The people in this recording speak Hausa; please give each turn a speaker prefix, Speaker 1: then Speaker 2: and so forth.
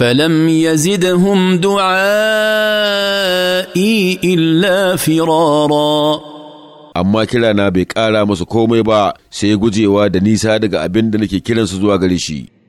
Speaker 1: فلم يزدهم دعائي إلا فرارا amma kirana bai ƙara musu komai ba sai
Speaker 2: gujewa da nisa daga abin da nake kiransu zuwa gare shi